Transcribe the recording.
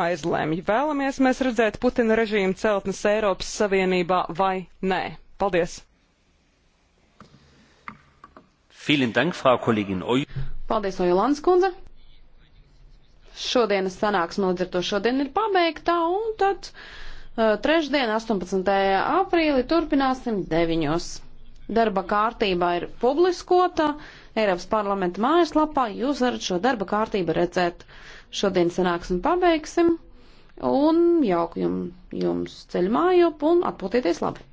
aizlemj, vēlamies mēs redzēt Putina režīmu celtnes Eiropas Savienībā vai nē. Paldies! Dank, Frau Paldies, Ojolans kundze! Šodienas sanāksme līdz ar to šodien ir pabeigta, un tad uh, trešdien, 18. aprīli, turpināsim deviņos darba kārtība ir publiskota Eiropas parlamenta mājaslapā. Jūs varat šo darba kārtību redzēt. Šodien sanāksim pabeigsim un jauku jums, jums ceļu mājup un atpūtieties labi!